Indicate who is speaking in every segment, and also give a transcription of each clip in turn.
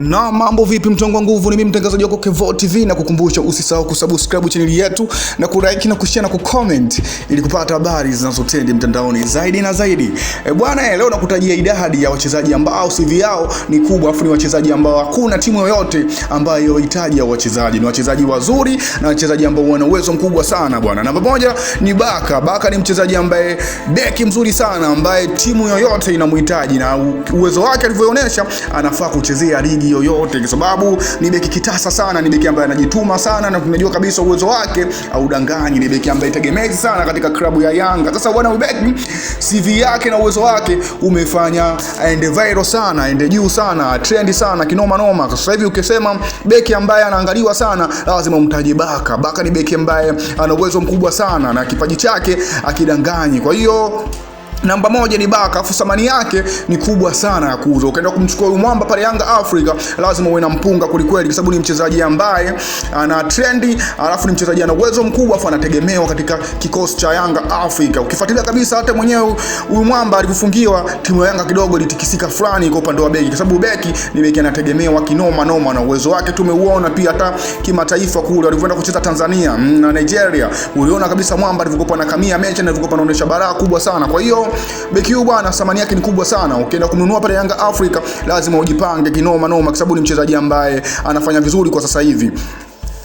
Speaker 1: Na mambo vipi, mtongo wa nguvu? Ni mimi mtangazaji wako Kevo TV, na kukumbusha usisahau kusubscribe chaneli yetu na kulike na kushare na kucomment ili kupata habari zinazotendi mtandaoni zaidi na zaidi. E bwana, leo nakutajia idadi ya wachezaji ambao CV yao ni kubwa, afu ni wachezaji ambao hakuna timu yoyote ambayo inahitaji wachezaji. Ni wachezaji wazuri na wachezaji ambao wana uwezo mkubwa sana bwana. Namba moja ni Baka. Baka ni mchezaji ambaye beki mzuri sana ambaye timu yoyote inamhitaji na uwezo wake alivyoonyesha anafaa kuchezea ligi yoyote, kwa sababu ni beki kitasa sana, ni beki ambaye anajituma sana na tunajua kabisa uwezo wake haudanganyi. Ni beki ambaye tegemezi sana katika klabu ya Yanga. Sasa bwana Ubeki, CV yake na uwezo wake umefanya aende viral sana, aende juu sana, trendi sana kinoma noma. Sasa hivi ukisema beki ambaye anaangaliwa sana, lazima umtaje Baka. Baka ni beki ambaye ana uwezo mkubwa sana na kipaji chake akidanganyi, kwa hiyo namba moja ni Baka, afu thamani yake ni kubwa sana ya kuuza. Ukaenda kumchukua huyu mwamba pale Yanga Afrika, lazima uwe na mpunga kwelikweli, kwa sababu ni mchezaji ambaye ana trendi, alafu ni mchezaji ana uwezo mkubwa, afu anategemewa katika kikosi cha Yanga Afrika. Ukifuatilia kabisa, hata mwenyewe huyu mwamba alivyofungiwa, timu ya Yanga kidogo ilitikisika fulani kwa upande wa beki, kwa sababu beki ni beki anategemewa kinoma noma, na uwezo wake tumeuona pia hata kimataifa kule alivyoenda kucheza Tanzania mm, na Nigeria. Uliona kabisa mwamba alivyokuwa na kamia mechi na alivyokuwa anaonyesha baraka kubwa sana, kwa hiyo beki huyu bwana thamani yake ni kubwa sana. Ukienda kumnunua pale Yanga Africa lazima ujipange kinoma noma, kwa sababu ni mchezaji ambaye anafanya vizuri kwa sasa hivi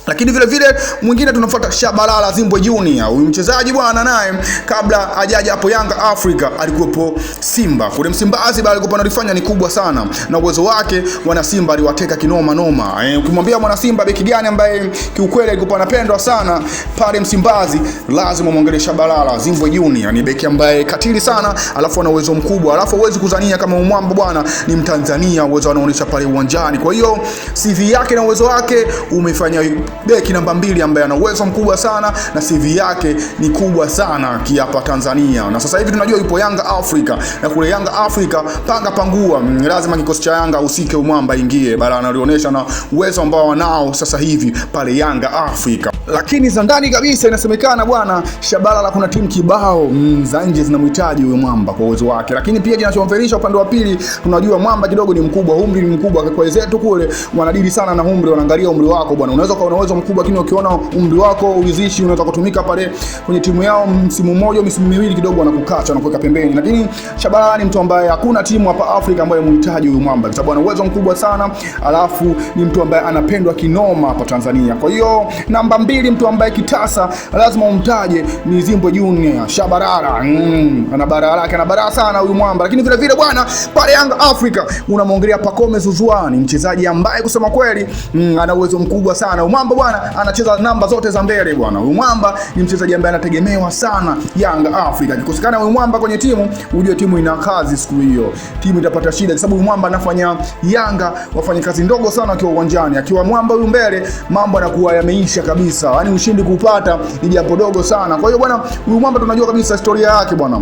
Speaker 1: lakini vile vile mwingine tunafuata Shabalala Zimbwe Junior. Huyu mchezaji bwana, naye kabla hajaja hapo Yanga Africa alikuwepo Simba kule Msimbazi, bali alikuwa analifanya ni kubwa sana, na uwezo wake wana Simba aliwateka kinoma noma. E, ukimwambia mwana Simba beki gani ambaye kiukweli alikuwa anapendwa sana pale Msimbazi, lazima muongelee Shabalala Zimbwe Junior. Ni beki ambaye katili sana, alafu ana uwezo mkubwa, alafu uwezi kuzania kama umwamba bwana, ni Mtanzania, uwezo anaonyesha pale uwanjani. Kwa hiyo CV yake na uwezo wake umefanya beki namba mbili ambaye ana uwezo mkubwa sana na CV yake ni kubwa sana kiapa Tanzania, na sasa hivi tunajua yupo Yanga Africa, na kule Yanga Africa panga pangua, mm, lazima kikosi cha Yanga usike umwamba ingie bala, analionyesha na uwezo ambao wanao sasa hivi pale Yanga Africa. Lakini za ndani kabisa inasemekana bwana Shabala la kuna timu kibao mm, za nje zinamhitaji huyo mwamba kwa uwezo wake, lakini pia kinachomfelisha upande wa pili, tunajua mwamba kidogo ni mkubwa, umri ni mkubwa kwa wenzetu kule, wanadili sana na umri, wanaangalia umri wako bwana, unaweza uwezo mkubwa, lakini ukiona umri wako uizishi, unaweza kutumika pale kwenye timu yao msimu mmoja misimu miwili, kidogo anakukacha anakuweka pembeni. Lakini Shabalala ni mtu ambaye hakuna timu hapa Afrika ambayo imhitaji huyu mwamba, kwa sababu ana uwezo mkubwa sana, alafu ni mtu ambaye anapendwa kinoma hapa Tanzania. Kwa hiyo namba mbili, mtu ambaye kitasa lazima umtaje ni Zimbwe Junior Shabalala. Mm, ana baraka lake, ana baraka sana huyu mwamba, lakini vile vile bwana pale Yanga Afrika unamwongelea Pacome Zouzoua, ni mchezaji ambaye kusema kweli mm, ana uwezo mkubwa sana mwamba sababu bwana anacheza namba zote za mbele bwana. Huyu Mwamba ni mchezaji ambaye anategemewa sana Yanga Africa. kikosekana huyu Mwamba kwenye timu, ujue timu ina kazi siku hiyo, timu itapata shida, kwa sababu huyu Mwamba anafanya Yanga wafanye kazi ndogo sana akiwa uwanjani. Akiwa Mwamba huyu mbele, mambo yanakuwa yameisha kabisa, yaani ushindi kupata ni jambo dogo sana. Kwa hiyo bwana, huyu Mwamba tunajua kabisa historia yake bwana.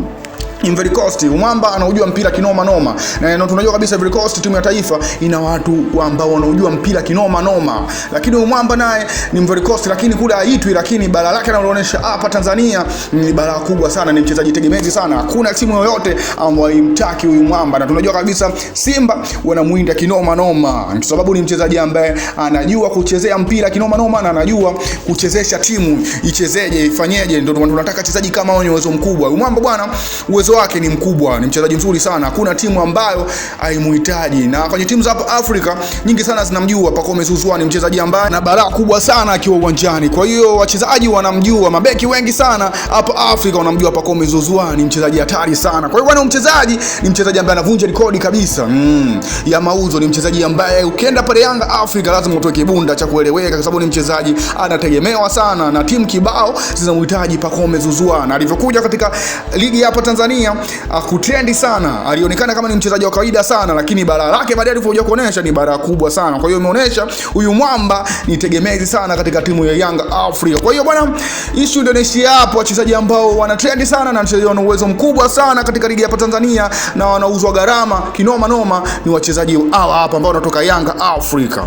Speaker 1: Ivory Coast Mwamba anaujua mpira kinoma noma. Na tunajua kabisa Ivory Coast timu ya taifa ina watu ambao wanaujua mpira kinoma noma. Lakini Mwamba naye ni Ivory Coast lakini kule haitwi lakini bara lake analoonyesha hapa Tanzania ni bara kubwa sana, ni mchezaji tegemezi sana. Hakuna timu yoyote ambayo imtaki huyu Mwamba. Na tunajua kabisa Simba wanamuinda kinoma noma. Kwa sababu ni mchezaji ambaye anajua kuchezea mpira kinoma noma na anajua kuchezesha timu ichezeje, ifanyeje. Ndio tunataka wachezaji kama hao wenye uwezo mkubwa. Mwamba bwana uwezo uwezo wake ni mkubwa, ni mchezaji mzuri sana, hakuna timu ambayo haimhitaji. Na kwenye timu za hapa Afrika nyingi sana zinamjua Pacome Zouzoua, ni mchezaji ambaye na balaa kubwa sana akiwa uwanjani. Kwa hiyo wachezaji wanamjua, mabeki wengi sana hapa Afrika wanamjua Pacome Zouzoua, ni mchezaji hatari sana. Kwa hiyo bwana, mchezaji ni mchezaji ambaye anavunja rekodi kabisa mm, ya mauzo. Ni mchezaji ambaye ukienda pale Yanga Afrika lazima utoe kibunda cha kueleweka, kwa sababu ni mchezaji anategemewa sana na timu kibao zinamhitaji Pacome Zouzoua, na alivyokuja katika ligi hapa Tanzania Tanzania akutrendi ah, sana, alionekana kama ni mchezaji wa kawaida sana, lakini bara lake baadaye alivyokuja kuonesha ni bara kubwa sana. Kwa hiyo imeonesha huyu mwamba ni tegemezi sana katika timu ya Yanga Africa. Kwa hiyo bwana, issue ndio inaishia hapo, wachezaji ambao wanatrendi sana na wachezaji wana uwezo mkubwa sana katika ligi hapa Tanzania na wanauzwa gharama kinoma noma ni wachezaji hawa hapa ambao wanatoka Yanga Africa.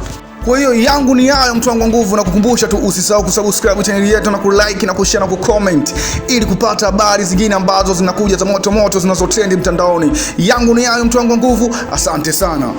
Speaker 1: Kwa hiyo yangu ni hayo, mtu wangu wa nguvu, na kukumbusha tu usisahau kusubscribe channel yetu na kulike na kushare na kucomment ili kupata habari zingine ambazo zinakuja za moto moto zinazotrend mtandaoni. Yangu ni hayo, mtu wangu wa nguvu, asante sana.